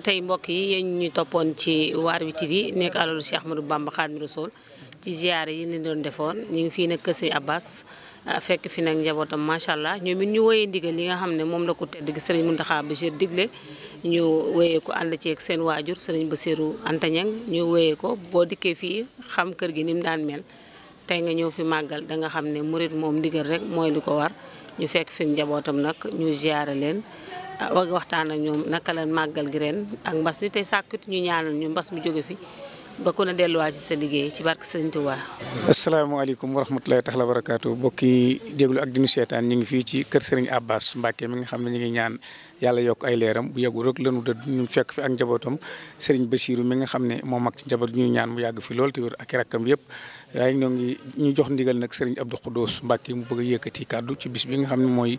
tey mbokk yi yéen ñu toppoon ci waar wi TV nekk alalu Cheikh Ahmadou Bamba Khadimou Rassoul ci ziyaare yi leen doon defoon ñu ngi fii nag kër Sëriñ Abbas ah, fekk fi nag njabootam macha allah ñoom it ñu wéyee ndigal li nga xam ne moom la ko tedd gi sëriñ Mountakha Bachir digle ñu wéyee ko ànd ceeg seen waajur sëriñ Bassirou Anta Niang ñu woyee ko boo dikkee fii xam kër gi ni daan mel tey nga ñëw fi màggal da nga xam ne murit moom ndigal rek mooy lu ko war ñu fekk fi njabootam nag ñu ziyaara leen ah, waxtaan ak ñoom naka la màggal gi ren ak mbas mi tey sàkkut ñu ñaanal ñu mbas mi jóge fi ba ku ne delluwaat ci sa liggéey ci barke Sëriñ Tuubaa. asalaamaaleykum wa rahmatulahi taala wa barakaatu bokki déglu ak dinu seetaan ñu ngi fii ci kër Sëriñ Abbas Mbàkke mi nga xam ne ñu ngi ñaan yàlla yokk ay leeram bu yàggul rek lanu dëdd ñu fekk fi ak njabootam Sëriñ Basiiru mi nga xam ne moo mag ci njaboot ñu ñaan mu yàgg fi lool te ak rakkam yëpp. waaye ñoo ngi ñu jox ndigal nag ab sëriñ Abdou Khoudous Mbacke mu bëgg a yëkkati kàddu ci bis bi nga xam ne mooy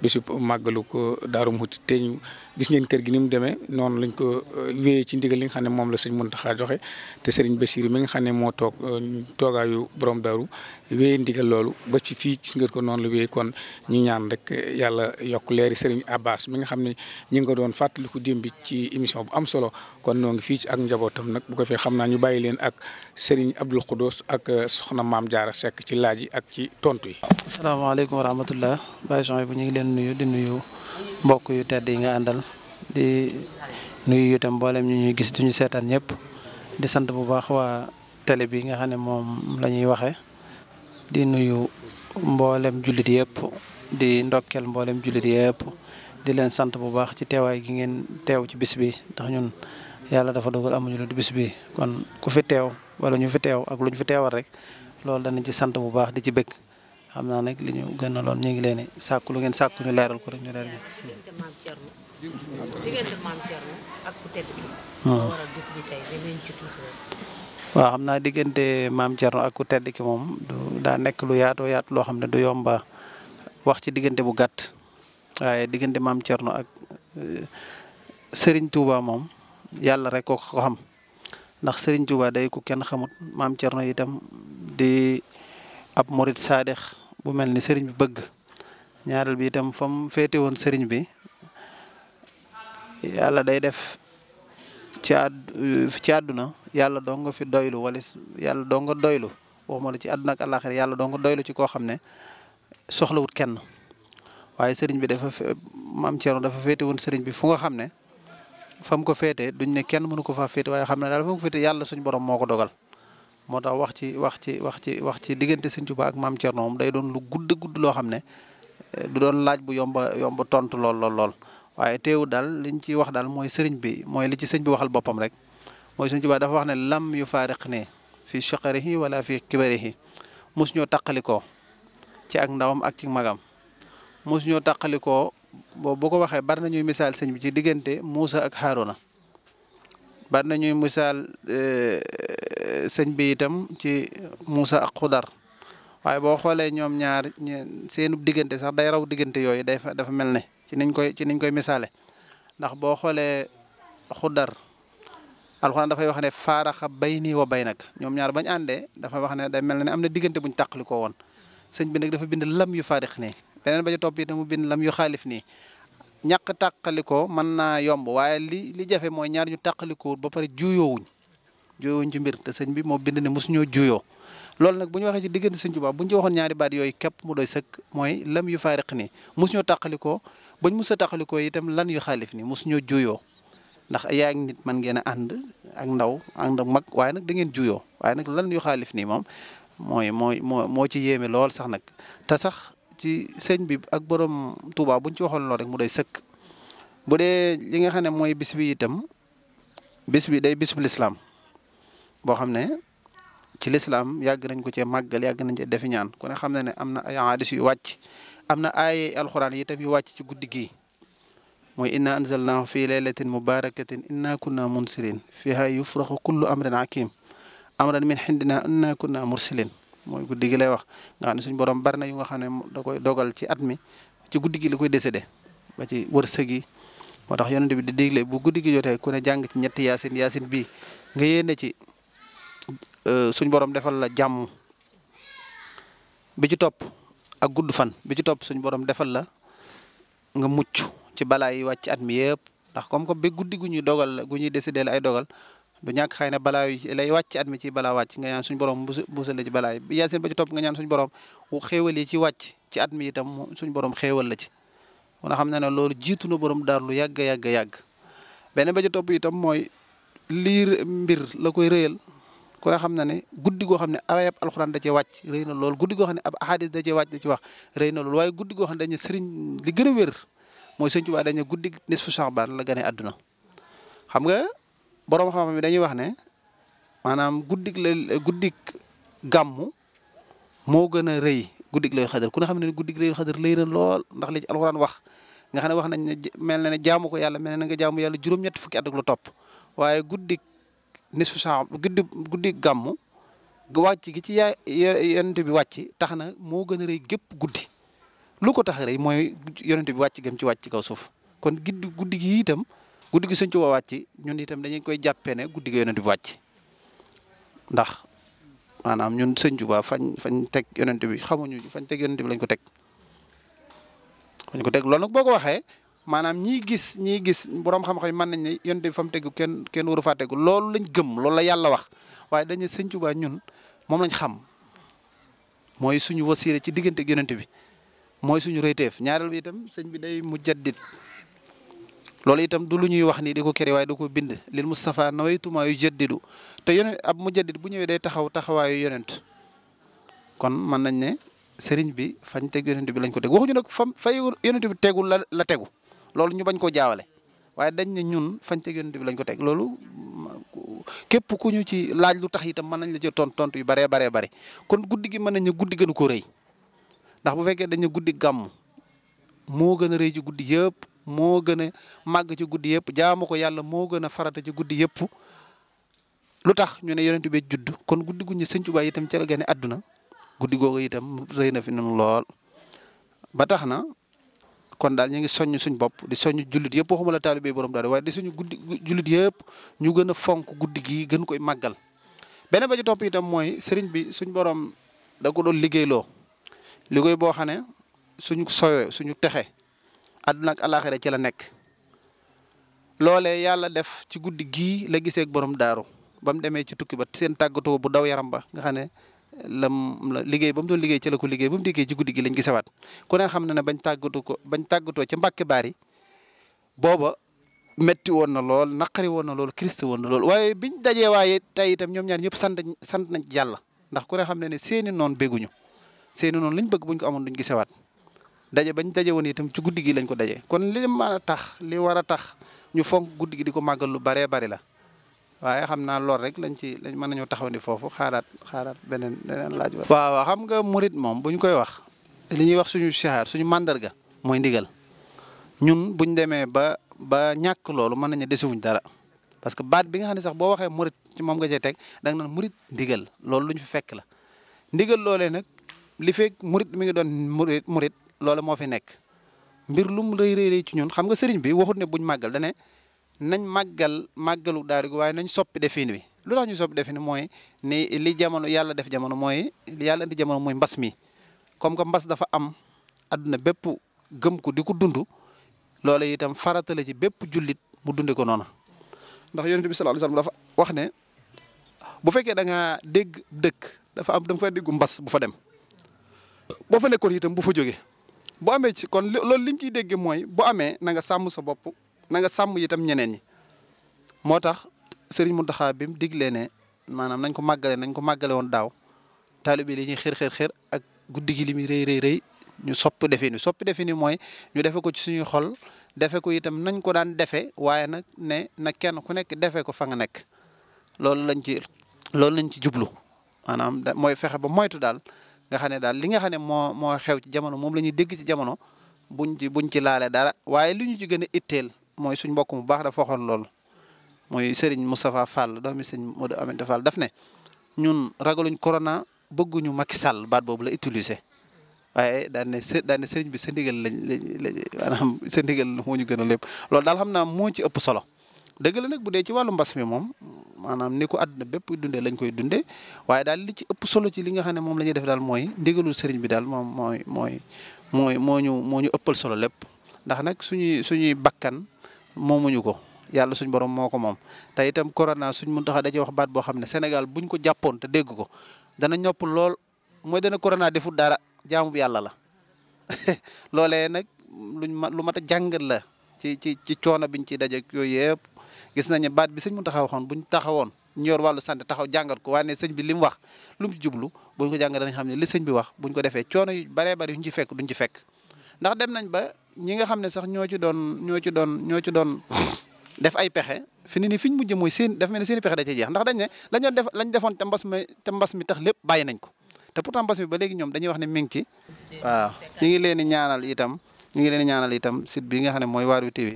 bisi màggalu ko Daaru Muxti teeñu gis ngeen kër gi ni mu demee lañ ko euh, wéyee ci ndigal li xam ne moom la sëñ Muntaxa joxe te sëriñ Basiir mi nga xam ne moo toog euh, toogaayu borom daru wéyee ndigal loolu ba ci fii gis ngeen ko noonu la wéyee kon ñu ñaan rek yàlla yokk leeri sëriñ Abbas mi nga xam ne ñu ngi ko doon fàttaliku démb ci émission bu am solo kon noo ngi fii ci ak njabootam nag bu ko fee xam naa ñu bàyyi leen ak sëriñ Abdul Xudoos ak euh, soxna Maam jaar a Sekk ci laaj yi ak ci tontu yi. asalaamaaleykum di nuyu mbokk yu tedd yi nga àndal di nuyu itam mboolem ñu ñuy gis ñu seetaan ñëpp di sant bu baax waa télé bi nga xam ne moom lañuy waxe di nuyu mboolem jullit yëpp di ndokkeel mboolem jullit yëpp di leen sant bu baax ci teewaay gi ngeen teew ci bis bi ndax ñun yàlla dafa dogal amuñu lu bis bi kon ku fi teew wala ñu fi teew ak lu fi teewal rek loolu danañ ci sant bu baax di ci bëgg. xam naa nag li ñu gënaloon ñu ngi leen di sàkku lu ngeen sàkku ñu leeral ko rek ñu leeral hmm. waaw xam naa diggante maam Thierno ak ku tedd ki moom daa nekk lu yaatoo yaatu loo xam ne du yomba wax ci diggante bu gàtt waaye diggante maam Thierno ak eh, Serigne Touba moom yàlla rek ko ko xam ndax Serigne Touba day ku kenn xamut maam Thierno itam di ab morit saadix bu mel ni sëriñ bi bëgg ñaareel bi itam fa mu féete woon sëriñ bi yàlla day def ci ci àdduna yàlla doo nga fi doylu wala yàlla doo doylu waxuma la ci àdduna yàlla doo nga ci koo xam ne soxla wut kenn waaye sëriñ bi dafa maam Thierno dafa féete woon sëriñ bi fu nga xam ne fa mu ko féete duñ ne kenn mënu ko faa féete waaye xam ne daal fa ko féete yàlla suñ borom moo ko dogal moo tax wax ci wax ci wax ci wax ci diggante Sëñ Tuubaa ak Maam Cerno moom day doon lu gudd gudd loo xam ne eh, du doon laaj bu yomba yomba tontu lool lool lool waaye teewu daal liñ ci wax daal mooy sëriñ bi mooy li ci sëñ bi waxal boppam rek mooy Sëñ Tuubaa dafa wax ne lam yu faariq ne fii chaqarihi wala fii kibarihi mos ñoo taqalikoo ci ak ndawam ak ci magam mos ñoo taqalikoo boobu boo ko waxee bari na ñuy misaal sëñ bi ci diggante Muusa ak Haaruna bari na ñuy misaal eh, sëñ bi itam ci musa ak Xudar waaye boo xoolee ñoom ñaar seenu diggante sax day raw diggante yooyu day fa dafa mel ne ci niñ koy ci niñ koy misaale ndax boo xoolee Xudar alxuraan dafay wax ne faaraxa bayni wa baynak ñoom ñaar bañ àndee dafa wax ne day mel ne am na diggante buñ tàqali ko woon sëñ bi nag dafa bind lam yu faarix nii beneen ba ci topp itam mu bind lam yu xaalif nii ñàkk tàqalikoo mën naa yomb waaye li li jafe mooy ñaar ñu tàqalikoo ba pare juyoowuñ juyowuñ ci mbir te sëñ bi moo bind ne mosuñoo juyoo loolu nag bu ñu waxee ci diggante sëñ Tuubaa bu ñu ci waxoon ñaari baat yooyu képp mu doy sëkk mooy lam yu faariq nii mosuñoo tàqalikoo bañ mos a itam lan yu xaalif nii mosuñoo juyoo ndax yaa ngi nit ngeen a ànd ak ndaw ànd mag waaye nag da ngeen juyoo waaye nag lan yu xaalif nii moom mooy mooy moo moo ci yéeme lool sax nag te sax ci sëñ bi ak borom Tuubaa buñ ci waxoon lool rek mu doy sëkk bu dee li nga xam ne mooy bis bi itam bis bi day bisub lislaam boo xam ne ci lislaam yàgg nañ ko cee maggal yàgg nañ cee defi ñaan ku ne xam na ne am na ay hadis yu wàcc am na ay alxuraan yi itam yu wàcc ci guddi gii mooy inna anzalnaahu fi laylatin mubarakatin inna kunna munsirin fiha yufraxu kullu amrin hakim amran min xindina inna kunna mursilin mooy guddi gi lay wax nga xam ne suñ borom bari na yu nga xam ne koy dogal ci at mi ci guddi gi la koy décédé ba ci wërsëg yi moo tax yon bi di digle bu guddi gi jotee ku ne jàng ci ñetti yaasin yaasin bii Euh, suñ borom defal la jàmm bi ci topp ak gudd fan bi ci topp suñ borom defal la nga mucc ci balaa yi wàcc at mi yëpp ndax comme comme be guddi gu ñuy dogal gu ñuy décider ay dogal bu ñàkk xëy na balaa yi lay wàcc at mi ci balaa wàcc nga ñaan suñ borom musal la ci balaa yi yaasin ba ci topp nga ñaan suñ borom xéewal yi ci wàcc ci at mi itam suñ borom xéewal la ci mun a xam na ne loolu jiitu na borom daar lu yàgg yàgg yàgg beneen ba topp itam mooy liir mbir la koy rëyal ku ne xam na ne guddi goo xam ne ayab alxuraan da cee wàcc rëy lool guddi goo xam ne ab ahadis da cee wàcc da ci na lool waaye guddi goo xam ne dañu gën a wér mooy sëñ Tuubaa dañu guddi nisfu Saxbaan la gane àdduna xam nga borom xam-xam bi dañuy wax ne maanaam guddik la guddik gàmmu gën a rëy guddik lay xadar ku ne xam ne guddik lay xadar lëy na lool ndax li ci alxuraan wax nga xam ne wax nañ ne mel na ne jaamu ko yàlla mel na nga jaamu yàlla juróom-ñett fukki at ak lu waaye guddik nisfu saa guddi guddi gàmmu gu wàcc gi ci ya yonente bi wàcc tax na moo gën a rëy gépp guddi lu ko tax a mooy yonente bi wàcc gëm ci wàcc kaw suuf kon guddi guddi gi itam guddi gi sëñ Tuubaa wàcc ñun itam dañu koy jàppee ne guddi gi yonente bi wàcc ndax maanaam ñun sëñ Tuubaa fañ fañ teg yonente bi xamuñu fañ teg yonente bi lañ ko teg fañ ko teg loolu ko waxee maanaam ñiy gis ñiy gis borom xam-xam mën nañ ne yonent bi fa mu tegu kenn kenn waru faa tegu gëm loolu la yàlla wax waaye dañu sëñ ñun moom lañ xam mooy suñu wasiire ci diggante ak bi mooy suñu rëyteef ñaareel itam sëñ bi day mujaddid loolu itam du lu ñuy wax ni di ko kere waaye du ko bind lil Mustafa nawaytuma yu jaddidu te yonent ab mujaddid bu ñëwee day taxaw taxawaayu yonent kon mën nañ ne sëriñ bi fañ teg yonent bi lañ ko teg waxuñu nag fam fay yonent bi tegul la la tegu loolu ñu bañ koo jaawale waaye dañ ne ñun fañ teg yonent bi lañ ko teg loolu képp ku ñu ci laaj lu tax itam mën nañ la ci tont tont yu baree baree bëri kon guddi gi mën nañ ne guddi gënu ko rëy ndax bu fekkee dañ ne guddi gàmm moo gën a rëy ci guddi yëpp moo gën a màgg ci guddi yëpp jaamu ko yàlla moo gën a farata ci guddi yëpp lu tax ñu ne yonent bi judd kon guddi gu ñu Sëñ Tuubaa itam ci la gane àdduna guddi googu itam rëy na fi noonu lool ba na kon daal ñu ngi soññ suñ bopp di soññ jullit yëpp waxuma la taalibe borom daal waaye di suñu guddi jullit yëpp ñu gën a fonk guddi gi gën koy màggal beneen ba ci topp itam mooy sëriñ bi suñ borom da ko doon liggéeyloo liggéey boo xam suñu soyee suñu texe àdduna ak alaxira ci la nekk loolee yàlla def ci guddi gii la gisee ak borom daaru ba mu demee ci tukki ba seen tàggatoo bu daw yaram ba nga xam lam la liggéey ba mu doon liggéey ci la ko liggéey ba mu liggéey ci guddi gi lañ gisawaat ku ne xam ne bañ tàggatoo ko bañ tàggatoo ca Mbàkke Baari booba metti woon na lool naqari woon na lool Christ woon na lool waaye biñ dajee waaye tey itam ñoom ñaar ñëpp sant sant nañ yàlla ndax ku ne xam ne ne seeni noon bégguñu seeni noon lañ bëgg buñ ko amoon duñ gisawaat daje bañ daje woon itam ci guddi gi lañ ko daje kon li ma tax li war a tax ñu fonk guddi gi di ko màggal lu baree bari la waaye xam naa lool rek lañ ci lañ mën nañoo taxaw ni foofu xaaraat xaaraat beneen beneen laaj waaw xam nga murit moom buñ koy wax li wax suñu sihaar suñu màndarga mooy ndigal ñun buñ demee ba ba ñàkk loolu mën nañu desewuñ dara parce que baat bi nga xam ne sax boo waxee murit ci moom nga cay teg da na murit ndigal loolu lu fi fekk la ndigal loolee nag li fekk murit mi ngi doon murit murit loole moo fi nekk mbir lum rey rey ci ñun xam nga sëriñ bi waxut ne buñ màggal dane nañ màggal màggalu daara gi waaye nañ soppi defin wi lu tax ñu soppi defin mooy ni li jamono yàlla def jamono mooy yàlla indi jamono mooy mbas mi comme que mbas dafa am adduna bépp gëm ko di ko dund loola itam farata la bépp jullit mu dunde ko noonu ndax yonent bi sallallahu dafa wax ne bu fekkee da dégg dëkk dafa am dam nga fay déggu mbas bu fa dem boo fa nekkoon itam bu fa jógee boo amee ci kon loolu liñ ci déggee mooy boo amee na nga sàmm sa bopp na nga sàmm yitam ñeneen ñi moo tax sëriñ Mountakha bi mu diglee ne maanaam nañ ko màggale nañ ko màggale woon daaw taalibe li ñuy xir xir xir ak guddi gi li muy rëy rëy rëy ñu sopp defe ni soppi defe ni mooy ñu defe ko ci suñuy xol defee ko itam nañ ko daan defe waaye nag ne na kenn ku nekk defee ko fa nga nekk loolu lañ ci loolu lañ ci jublu maanaam mooy fexe ba moytu daal nga xam ne daal li nga xam ne moo moo xew ci jamono moom la ñuy dégg ci jamono buñ ci buñ ci laale dara waaye li ñu ci gën a itteel mooy suñ mbokk mu baax dafa waxoon loolu mooy Serigne Moustapha Fall doomi sëñ Modou Aminta Fall daf ne ñun ragaluñ corona bëgguñu Macky Sall baat boobu la utiliser waaye daan ne daan ne sëriñ bi sa ndigal lañ lañ maanaam sa ndigal ñu gën a lépp loolu daal xam naa moo ci ëpp solo dëgg la nag bu dee ci wàllu mbas mi moom maanaam ni ko àdduna bépp dundee lañ koy dundee waaye daal li ci ëpp solo ci li nga xam ne moom la def daal mooy ndigalul sëriñ bi daal moom mooy mooy mooy moo ñu moo ñu ëppal solo lépp ndax nag suñuy suñuy bakkan moomuñu ko yàlla suñ borom moo ko moom te itam corona suñ mun taxa da ci wax baat boo xam ne Sénégal buñ ko jàppoon te dégg ko dana ñopp lool mooy dana corona defut dara jaamu bu yàlla la loolee nag luñ ma lu mat a jàngat la ci ci ci coono biñ ciy daje yooyu yëpp gis nañu baat bi sëñ mu taxaw waxoon buñ taxawoon ñu yor wàllu santé taxaw jàngat ko waaye sëñ bi li mu wax lu mu jublu buñ ko jàngat dañ xam ne li sëñ bi wax buñ ko defee coono yu baree bari yuñ ci fekk duñ ci fekk ndax dem nañ ba ñi nga xam ne sax ñoo ci doon ñoo ci doon ñoo ci doon def ay pexe fi ni ni fi ñu mujj mooy seen def mel ne seen pexe da cee jeex ndax dañ ne lañoo def lañ defoon te mbas mi mbas mi tax lépp bàyyi nañ ko te pourtant mbas mi ba léegi ñoom dañuy wax ne mi ngi ci waaw ñu ngi leen di ñaanal itam ñu ngi leen ñaanal itam site bi nga xam ne mooy Waarwi TV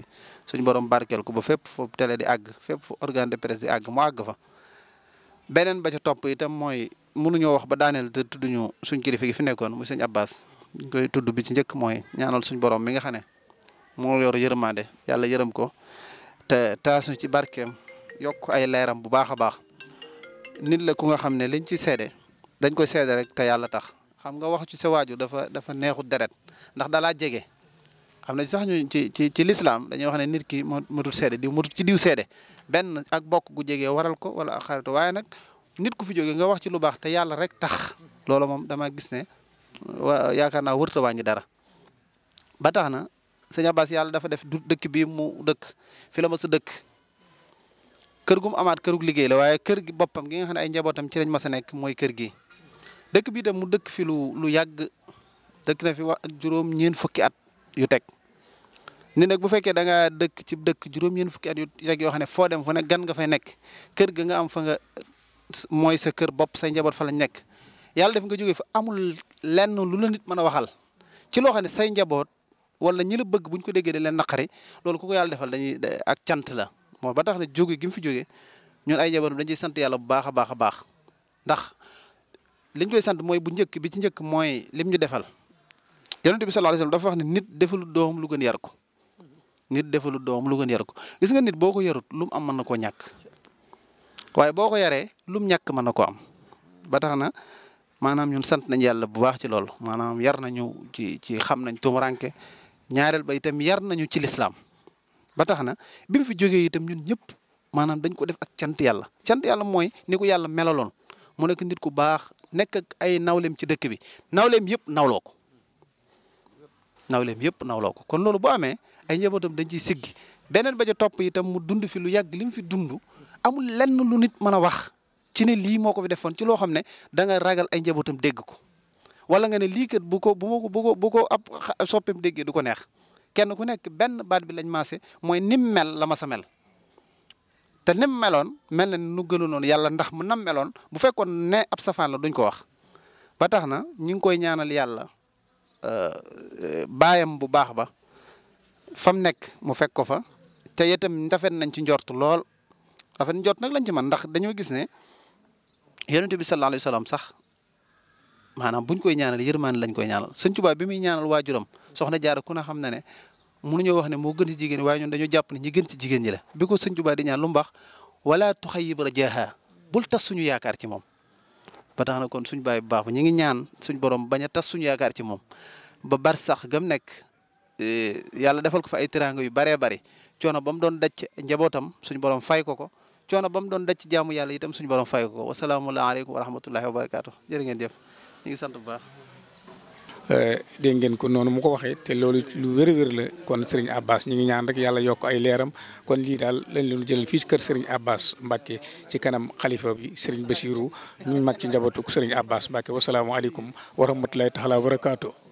suñu borom barkeel ko ba fépp fu télé di àgg fépp fu organe de presse di àgg mu àgg fa beneen ba top itam mooy mënuñoo wax ba daaneel te tudduñu suñ kilifa gi fi nekkoon muy sëñ Abbas ñu koy tudd bi ci njëkk mooy ñaanal suñ borom mi nga xam ne moo yor yërmande yàlla yërëm ko te taasu ci barkeem yokk ay leeram bu baax a baax nit la ku nga xam ne liñ ci seede dañ koy seede rek te yàlla tax xam nga wax ci sa waajur dafa dafa neexut deret ndax dalaa jege xam na sax ñu ci ci ci lislaam dañuy wax ne nit ki matut seede diw matut ci diw seede benn ak bokk gu jege waral ko wala ak waaye nag nit ku fi jóge nga wax ci lu baax te yàlla rek tax loolo moom dama gis ne wa yaakaar naa wërta wàññi dara ba tax na sëñ Abbas yàlla dafa def dëkk bi mu dëkk fi la ma sa dëkk kër gu mu amaat kërug liggéey la waaye kër gi boppam gi nga xam ne ay njabootam ci lañ ma sa nekk mooy kër gi dëkk bi itam mu dëkk fi lu lu yàgg dëkk fi wa juróom ñeen fukki at yu teg ni nag bu fekkee da ngaa dëkk ci dëkk juróom ñeen fukki at yu teg yoo xam ne foo dem fu ne gan nga fay nekk kër ga nga am fa mooy sa kër bopp say njaboot fa lañ nekk yàlla def nga jóge fa amul lenn lu la nit mën a waxal ci loo xam ne say njaboot wala ñi la bëgg buñ ko déggee dañ leen naqari loolu ku ko yàlla defal dañuy ak cant la moo ba tax ne jóge gi fi jógee ñun ay jabaram dañ ciy sant yàlla bu baax a baax a baax ndax liñ koy sant mooy bu njëkk bi ci njëkk mooy lim ñu defal yonent bi sallallahu dafa wax ne nit defalu doom lu gën yar ko nit defalu doom lu gën ko gis nga nit boo ko yarut lu am mën na koo ñàkk waaye boo ko yaree lu mu ñàkk mën na koo am ba tax na maanaam ñun sant nañ yàlla bu baax ci loolu maanaam yar nañu ci ci xam nañ tumuranke ñaareel ba itam yar nañu ci lislaam ba tax na bi fi jógee itam ñun ñëpp maanaam dañ ko def ak sant yàlla sant yàlla mooy ni ko yàlla melaloon mu nekk nit ku baax nekk ak ay nawleem ci dëkk bi nawleem yëpp nawloo ko nawleem yëpp nawloo ko kon loolu bu amee ay njabootam dañ ciy siggi beneen ba ca topp itam mu dund fi lu yàgg li fi dund amul lenn lu nit mën a wax ci ne lii moo ko fi defoon ci loo xam ne da nga ragal ay njabootam dégg ko wala nga ne lii kat bu ko bu ko bu ko bu ko ab soppeem du ko neex kenn ku nekk benn baat bi lañ maase mooy nim mel la ma sa mel. te nim meloon mel na nu noon yàlla ndax mu nam meloon bu fekkoon ne ab safaan la duñ ko wax ba tax na ñu ngi koy ñaanal yàlla euh, baayam bu baax ba fam nekk mu fekk ko fa te itam rafet nañ ci njort lool rafet njort nag lañ ci man ndax dañoo gis ne. yonente bi sallallahu alayhi salaam sax maanaam buñ koy ñaanal yërmaane lañ koy ñaanal suñ Tuubaa bi muy ñaanal waajuram soxna jaara ku na xam na ne mënuñoo wax ne moo gën ci jigéen waaye dañoo jàpp ne gën ci jigéen ñi la bi ko sëñ Tuubaa di ñaan lu mu baax wala tuxayyib rajaaha bul tas suñu yaakaar ci moom ba tax na kon suñ baay bu baax ñu ngi ñaan suñ borom bañ a tas suñu yaakaar ci moom ba bar sax gam nekk e, yàlla defal ko fa ay teraanga yu baree bari coono ba mu doon daj njabootam suñ borom fay ko ko coono ba mu doon daj ci jaamu yàlla itam suñ borom fay ko wasalaamu aleykum wa rahmatullahi wa barakaatu jërë ngeen jëf ñu sant bu baax. Eh, dégg ngeen ko noonu mu ko waxee te loolu lu wér-wér la kon Serigne Abbas ñu ngi ñaan rek yàlla yokk ay leeram kon lii daal lañ leen jëlal fii ci kër Serigne Abbas Mbacke ci kanam xalifa bi Serigne Bassirou ñu mag ci njabootu Serigne Abbas Mbacke wasalaamualeykum wa rahmatullahi taala wa barakaatu.